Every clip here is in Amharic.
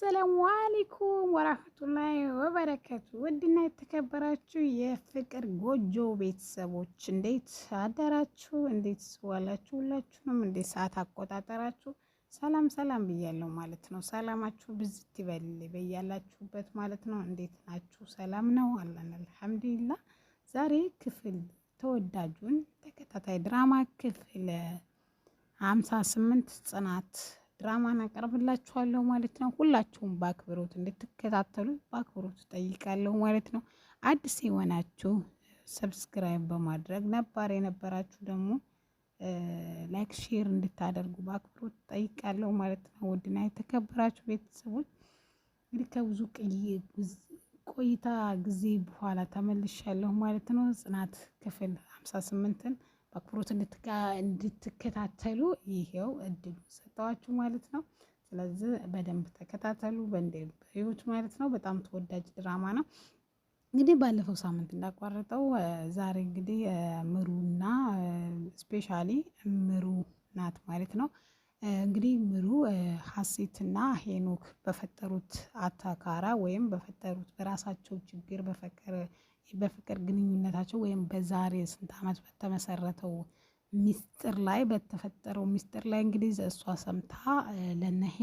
አሰላሙ አሌይኩም ወራህመቱላሂ ወበረከቱ። ውድና የተከበራችሁ የፍቅር ጎጆ ቤተሰቦች እንዴት አደራችሁ? እንዴት ዋላችሁ? ሁላችሁንም እንዴት ሰዓት አቆጣጠራችሁ? ሰላም ሰላም ብያለሁ ማለት ነው። ሰላማችሁ ብዝት ይበል በያላችሁበት ማለት ነው። እንዴት ናችሁ? ሰላም ነው አለን አልሐምዱሊላ። ዛሬ ክፍል ተወዳጁን ተከታታይ ድራማ ክፍል ሀምሳ ስምንት ጽናት ድራማን አቀርብላችኋለሁ ማለት ነው። ሁላችሁም በአክብሮት እንድትከታተሉ በአክብሮት ጠይቃለሁ ማለት ነው። አዲስ የሆናችሁ ሰብስክራይብ በማድረግ ነባር የነበራችሁ ደግሞ ላይክ ሼር እንድታደርጉ በአክብሮት ጠይቃለሁ ማለት ነው። ውድና የተከበራችሁ ቤተሰቦች እንግዲህ ከብዙ ቆይታ ጊዜ በኋላ ተመልሻለሁ ማለት ነው። ጽናት ክፍል ሀምሳ ስምንትን በአክብሮት እንድትከታተሉ ይሄው እድሉ ሰጠዋችሁ ማለት ነው። ስለዚህ በደንብ ተከታተሉ፣ በደንብ እዩት ማለት ነው። በጣም ተወዳጅ ድራማ ነው። እንግዲህ ባለፈው ሳምንት እንዳቋረጠው ዛሬ እንግዲህ ምሩና ስፔሻሊ ምሩ ናት ማለት ነው። እንግዲህ ምሩ ሀሴትና ሄኖክ በፈጠሩት አታካራ ወይም በፈጠሩት በራሳቸው ችግር በፈቀረ በፍቅር ግንኙነታቸው ወይም በዛሬ ስንት ዓመት በተመሰረተው ሚስጥር ላይ በተፈጠረው ሚስጥር ላይ እንግዲህ እሷ ሰምታ ለነሄ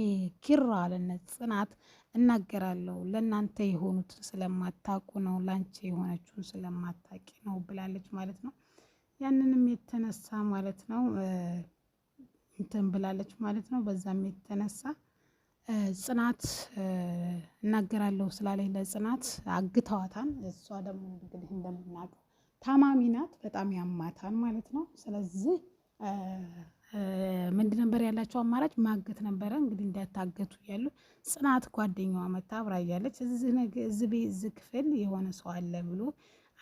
ኪራ ለነ ጽናት እናገራለሁ ለእናንተ የሆኑትን ስለማታቁ ነው ላንቺ የሆነችውን ስለማታቂ ነው ብላለች ማለት ነው። ያንንም የተነሳ ማለት ነው እንትን ብላለች ማለት ነው። በዛም የተነሳ ጽናት እናገራለሁ ስላለኝ ለጽናት አግተዋታን። እሷ ደግሞ እንግዲህ እንደምናውቀው ታማሚ ናት፣ በጣም ያማታን ማለት ነው። ስለዚህ ምንድ ነበር ያላቸው አማራጭ? ማገት ነበረ። እንግዲህ እንዳታገቱ እያሉ ጽናት ጓደኛዋ መታ አብራ እያለች እዚህ ክፍል የሆነ ሰው አለ ብሎ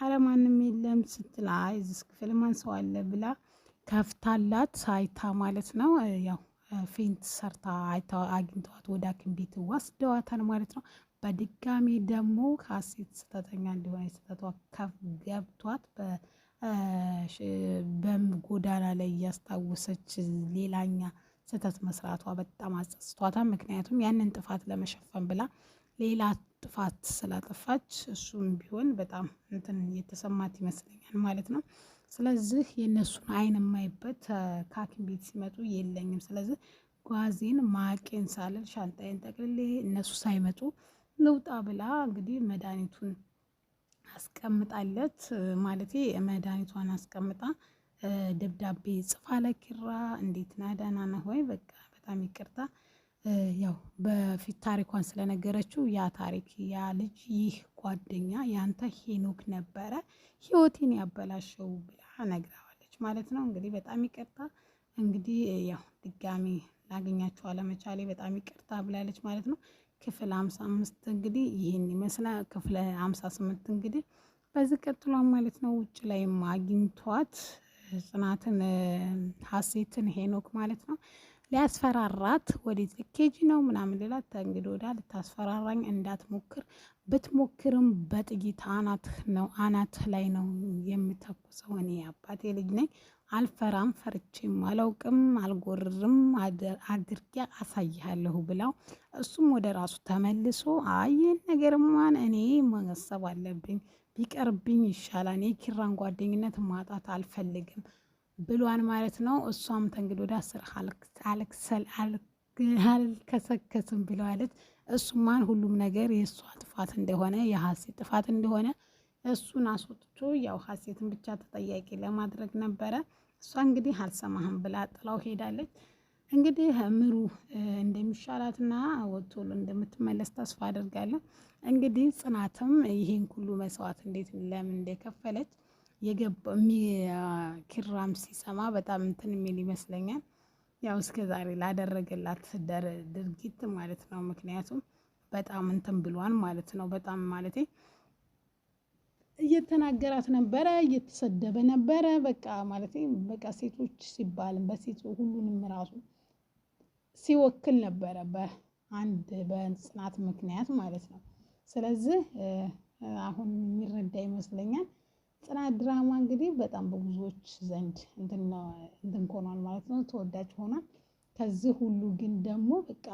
አለማንም የለም ስትል አይ እዚህ ክፍል ማን ሰው አለ ብላ ከፍታላት አይታ ማለት ነው ያው ፌንት ሰርታ አግኝተዋት ወደ ሐኪም ቤት ወስደዋታል ማለት ነው። በድጋሚ ደግሞ ሀሴት ስህተተኛ እንዲሆነ ስህተቷ ከፍ ገብቷት በጎዳና ላይ እያስታወሰች ሌላኛ ስህተት መስራቷ በጣም አጸጽቷታል። ምክንያቱም ያንን ጥፋት ለመሸፈን ብላ ሌላ ጥፋት ስላጠፋች እሱም ቢሆን በጣም እንትን የተሰማት ይመስለኛል ማለት ነው። ስለዚህ የእነሱን አይን የማይበት ከሐኪም ቤት ሲመጡ የለኝም። ስለዚህ ጓዜን ማቄን ሳልል ሻንጣዬን ጠቅልሌ እነሱ ሳይመጡ ልውጣ ብላ እንግዲህ መድኃኒቱን አስቀምጣለት ማለት መድኃኒቷን አስቀምጣ ደብዳቤ ጽፋ ለኪራ እንዴት ናዳና ነህ ወይ በቃ በጣም ይቅርታ ያው በፊት ታሪኳን ስለነገረችው ያ ታሪክ ያ ልጅ ይህ ጓደኛ ያንተ ሄኖክ ነበረ ህይወቴን ያበላሸው ብላ ነግረዋለች ማለት ነው። እንግዲህ በጣም ይቅርታ እንግዲህ ያው ድጋሚ ላገኛችሁ አለመቻሌ በጣም ይቅርታ ብላለች ማለት ነው። ክፍል ሀምሳ አምስት እንግዲህ ይህን ይመስላል። ክፍለ ሀምሳ ስምንት እንግዲህ በዚህ ቀጥሏን ማለት ነው። ውጭ ላይ አግኝቷት ጽናትን ሀሴትን ሄኖክ ማለት ነው ሊያስፈራራት ወዴት ልኬጂ ነው ምናምን ልላት ተንግዶ ወዳ ልታስፈራራኝ እንዳትሞክር ብትሞክርም በጥይት አናትህ ነው አናትህ ላይ ነው የምተኩሰው። እኔ አባቴ ልጅ ነኝ፣ አልፈራም፣ ፈርቼም አላውቅም፣ አልጎርርም፣ አድርጌ አሳይሃለሁ ብላው እሱም ወደ ራሱ ተመልሶ አይን ነገርማን እኔ መሰብ አለብኝ ቢቀርብኝ ይሻላል። የኪራን ጓደኝነት ማጣት አልፈልግም ብሏን ማለት ነው። እሷም ተንግዶ ዳስር አልከሰከስም ብለዋለች። እሱማን ሁሉም ነገር የእሷ ጥፋት እንደሆነ የሀሴት ጥፋት እንደሆነ እሱን አስወጥቶ ያው ሀሴትን ብቻ ተጠያቂ ለማድረግ ነበረ። እሷ እንግዲህ አልሰማህም ብላ ጥላው ሄዳለች። እንግዲህ ምሩ እንደሚሻላትና ወቶሎ እንደምትመለስ ተስፋ አድርጋለን። እንግዲህ ጽናትም ይሄን ሁሉ መስዋዕት እንዴት ለምን እንደከፈለች ኪራም ሲሰማ በጣም እንትን የሚል ይመስለኛል። ያው እስከ ዛሬ ላደረገላት ድርጊት ማለት ነው። ምክንያቱም በጣም እንትን ብሏን ማለት ነው። በጣም ማለት እየተናገራት ነበረ፣ እየተሰደበ ነበረ። በቃ ማለት በቃ ሴቶች ሲባልም በሴት ሁሉንም ራሱ ሲወክል ነበረ በአንድ በጽናት ምክንያት ማለት ነው። ስለዚህ አሁን የሚረዳ ይመስለኛል። ጽናት ድራማ እንግዲህ በጣም በብዙዎች ዘንድ እንትን ሆኗል ማለት ነው፣ ተወዳጅ ሆኗል። ከዚህ ሁሉ ግን ደግሞ በቃ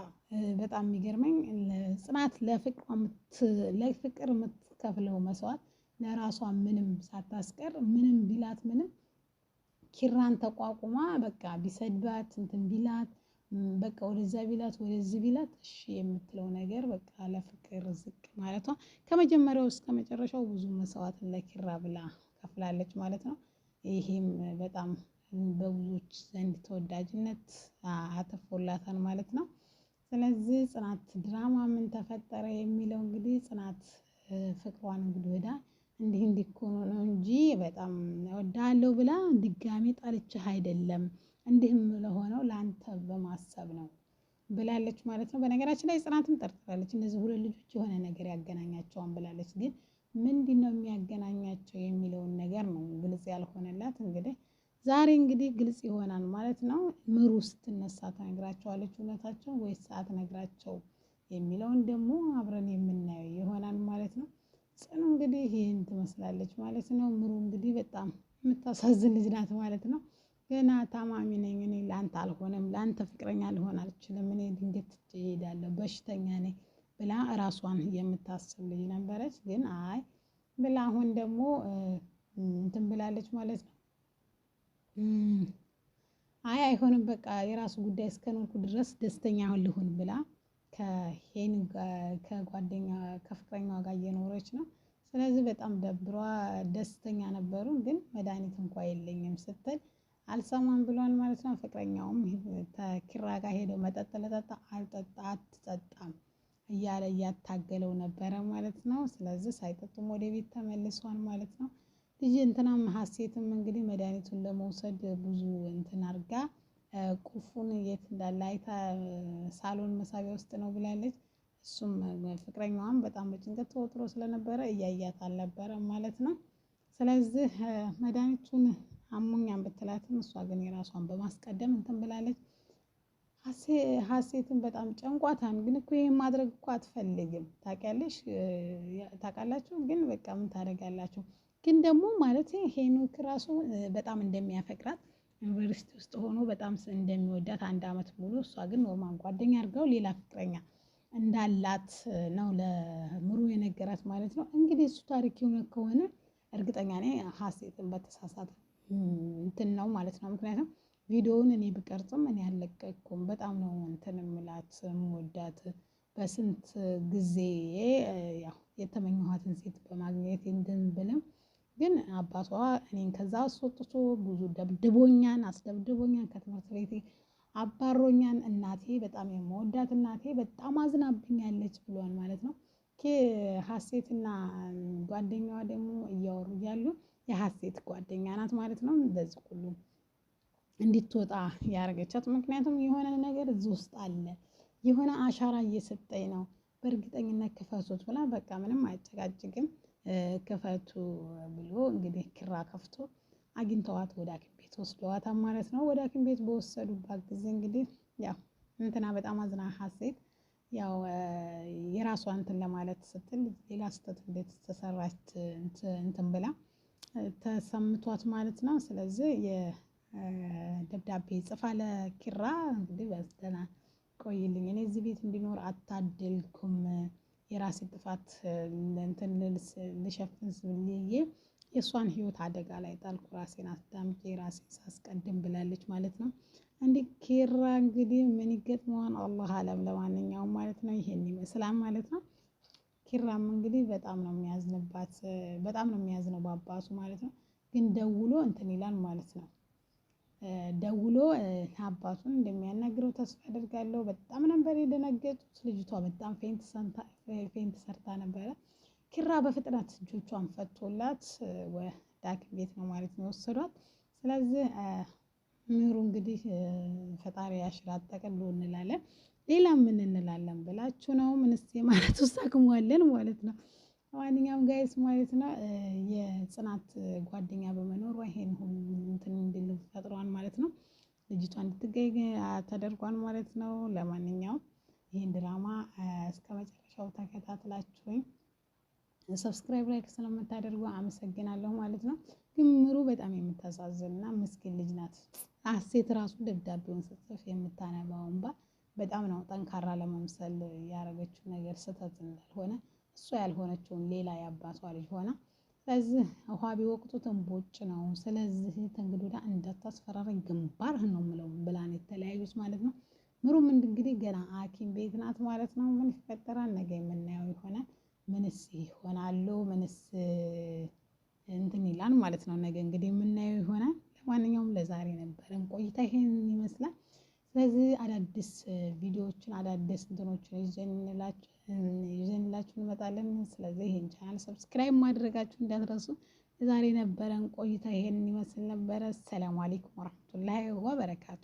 በጣም የሚገርመኝ ጽናት ለፍቅር የምትከፍለው መስዋዕት ለራሷ ምንም ሳታስቀር ምንም ቢላት ምንም ኪራን ተቋቁማ በቃ ቢሰድባት እንትን ቢላት በቃ ወደዛ ቢላት ወደዚህ ቢላት እሺ የምትለው ነገር በቃ ለፍቅር ዝቅ ማለቷ ከመጀመሪያው እስከ መጨረሻው ብዙ መስዋዕት ለኪራ ብላ ከፍላለች ማለት ነው። ይሄም በጣም በብዙዎች ዘንድ ተወዳጅነት አትርፎላታል ማለት ነው። ስለዚህ ጽናት ድራማ ምን ተፈጠረ የሚለው እንግዲህ ጽናት ፍቅሯን እንግዲህ ወዳ እንዲህ እንዲኮኑ ነው እንጂ በጣም ወዳለው ብላ ድጋሜ ጣልቻህ አይደለም እንዲህም ለሆነው ለአንተ በማሰብ ነው ብላለች ማለት ነው። በነገራችን ላይ ጽናትም ጠርጥራለች። እነዚህ ሁለት ልጆች የሆነ ነገር ያገናኛቸዋን ብላለች። ግን ምንድን ነው የሚያገናኛቸው የሚለውን ነገር ነው ግልጽ ያልሆነላት። እንግዲህ ዛሬ እንግዲህ ግልጽ ይሆናል ማለት ነው። ምሩ ስትነሳ ትነግራቸዋለች እውነታቸው ወይስ ነግራቸው የሚለውን ደግሞ አብረን የምናየው ይሆናል ማለት ነው። ጽኑ እንግዲህ ይህን ትመስላለች ማለት ነው። ምሩ እንግዲህ በጣም የምታሳዝን ልጅ ናት ማለት ነው። ገና ታማሚ ነኝ እኔ ለአንተ አልሆነም፣ ለአንተ ፍቅረኛ ልሆን አልችልም፣ እኔ እንዴት ትቼ እሄዳለሁ በሽተኛ ነኝ ብላ እራሷን የምታስብ ልጅ ነበረች። ግን አይ ብላ አሁን ደግሞ እንትን ብላለች ማለት ነው። አይ አይሆንም፣ በቃ የራሱ ጉዳይ እስከኖርኩ ድረስ ደስተኛ ልሁን ብላ ከሄን ከጓደኛ ከፍቅረኛዋ ጋር እየኖረች ነው። ስለዚህ በጣም ደብሯ ደስተኛ ነበሩ። ግን መድኃኒት እንኳ የለኝም ስትል አልሰማም ብሏል ማለት ነው። ፍቅረኛውም ከኪራ ጋር ሄደው መጠጥ ለጠጣ አልጠጣ አትጠጣም እያለ እያታገለው ነበረ ማለት ነው። ስለዚህ ሳይጠጡም ወደ ቤት ተመልሷል ማለት ነው። ልጅ እንትናም ሀሴትም እንግዲህ መድኃኒቱን ለመውሰድ ብዙ እንትን አድርጋ ቁፉን የት እንዳለ አይታ ሳሎን መሳቢያ ውስጥ ነው ብላለች። እሱም ፍቅረኛዋም በጣም በጭንቀት ተወጥሮ ስለነበረ እያያት አልነበረ ማለት ነው። ስለዚህ መድኃኒቱን አሞኛም ብትላትም እሷ ግን የራሷን በማስቀደም እንትን ብላለች። ሀሴትን በጣም ጨንቋታን ግን እኮ ይህን ማድረግ እኮ አትፈልግም። ታውቂያለሽ፣ ታውቃላችሁ። ግን በቃ ምን ታደርጋላችሁ። ግን ደግሞ ማለት ሄኖክ ራሱ በጣም እንደሚያፈቅራት ዩኒቨርሲቲ ውስጥ ሆኖ በጣም እንደሚወዳት አንድ አመት ሙሉ እሷ ግን ኖርማን ጓደኛ አድርገው ሌላ ፍቅረኛ እንዳላት ነው ለምሩ የነገራት ማለት ነው። እንግዲህ እሱ ታሪክ የሆነ ከሆነ እርግጠኛ ነኝ ሀሴትን በተሳሳተ እንትን ነው ማለት ነው። ምክንያቱም ቪዲዮውን እኔ ብቀርጽም እኔ አልለቀቅኩም። በጣም ነው እንትን ምላት ምወዳት በስንት ጊዜ ያው የተመኘኋትን ሴት በማግኘት እንትን ብልም ግን አባቷ እኔን ከዛ አስወጥቶ ብዙ ደብድቦኛን አስደብድቦኛን ከትምህርት ቤቴ አባሮኛን እናቴ በጣም የመወዳት እናቴ በጣም አዝናብኛለች ብሏል ማለት ነው። ሀሴትና ጓደኛዋ ደግሞ እያወሩ እያሉ የሀሴት ጓደኛ ናት ማለት ነው። እንደዚህ ሁሉ እንድትወጣ ያደረገቻት ምክንያቱም የሆነ ነገር እዚህ ውስጥ አለ፣ የሆነ አሻራ እየሰጠኝ ነው፣ በእርግጠኝነት ክፈቱት ብላ በቃ ምንም አያጨቃጭቅም ክፈቱ ብሎ እንግዲህ ክራ ከፍቶ አግኝተዋት ወደ ሐኪም ቤት ወስደዋታ ማለት ነው። ወደ ሐኪም ቤት በወሰዱባት ጊዜ እንግዲህ ያው እንትና በጣም አዝና ሀሴት ያው የራሷ እንትን ለማለት ስትል ሌላ ስህተት እንዴት ተሰራች እንትን ብላ ተሰምቷት ማለት ነው። ስለዚህ የደብዳቤ ጽፋ ለኪራ እንግዲህ በስተና ቆይልኝ፣ እኔ እዚህ ቤት እንዲኖር አታደልኩም፣ የራሴ ጥፋት እንትን ልሸፍን ስብልዬ የእሷን ህይወት አደጋ ላይ ጣልኩ፣ ራሴን አስዳምጬ ራሴን ሳስቀድም ብላለች ማለት ነው። እንዲ ኪራ እንግዲህ ምን ይገጥመዋን አላህ አለም። ለማንኛውም ማለት ነው ይሄን ይመስላል ማለት ነው። ኪራም እንግዲህ በጣም ነው የሚያዝንባት፣ በጣም ነው የሚያዝነው በአባቱ ማለት ነው። ግን ደውሎ እንትን ይላል ማለት ነው። ደውሎ አባቱን እንደሚያናግረው ተስፋ አደርጋለሁ። በጣም ነበር የደነገጡት። ልጅቷ በጣም ፌንት ሰርታ ነበረ። ኪራ በፍጥነት እጆቿን ፈቶላት ወደ ሐኪም ቤት ነው ማለት ነው ወሰዷት ስለዚህ ምሩ እንግዲህ ፈጣሪ ያሽራት ጠቅሎ እንላለን። ሌላ ምን እንላለን ብላችሁ ነው። ምንስ ማለት ውስጥ አቅሟለን ማለት ነው። ማንኛውም ጋይስ ማለት ነው የጽናት ጓደኛ በመኖሯ ይሄን ሁሉ እንትን እንዲል ፈጥሯን ማለት ነው። ልጅቷ እንድትገኝ ተደርጓን ማለት ነው። ለማንኛውም ይህን ድራማ እስከ መጨረሻው ተከታትላችሁኝ ሰብስክራይብ ላይክ ስለምታደርጉ አመሰግናለሁ ማለት ነው። ግን ምሩ በጣም የምታሳዝንና ምስኪን ልጅ ናት። አሴት ራሱ ደብዳቤውን ስትጽፍ የምታነባው እንባ በጣም ነው ጠንካራ ለመምሰል ያደረገችው ነገር ስህተት እንዳልሆነ እሷ ያልሆነችውን ሌላ የአባቷ ልጅ ሆና ስለዚህ ውሃ ቢወቅጡት እምቦጭ ነው። ስለዚህ ተንግዶዳ እንዳታስፈራረኝ ግንባርህን ነው ምለው ብላን የተለያዩት ማለት ነው። ምሩም እንግዲህ ገና ሐኪም ቤት ናት ማለት ነው። ምን ይፈጠራል ነገ የምናየው ይሆናል። ምንስ ይሆናሉ? ምንስ እንትን ይላል ማለት ነው። ነገ እንግዲህ የምናየው ይሆናል። ለማንኛውም ለዛሬ ነበረን ቆይታ ይሄን ይመስላል። ስለዚህ አዳዲስ ቪዲዮዎችን አዳዲስ እንትኖችን ይዘንላችሁ እንመጣለን። ስለዚህ ይህን ቻናል ሰብስክራይብ ማድረጋችሁ እንዳትረሱ። የዛሬ ነበረን ቆይታ ይሄን ይመስል ነበረ። ሰላም አሌይኩም ወረሕመቱላሂ ወበረካቱ።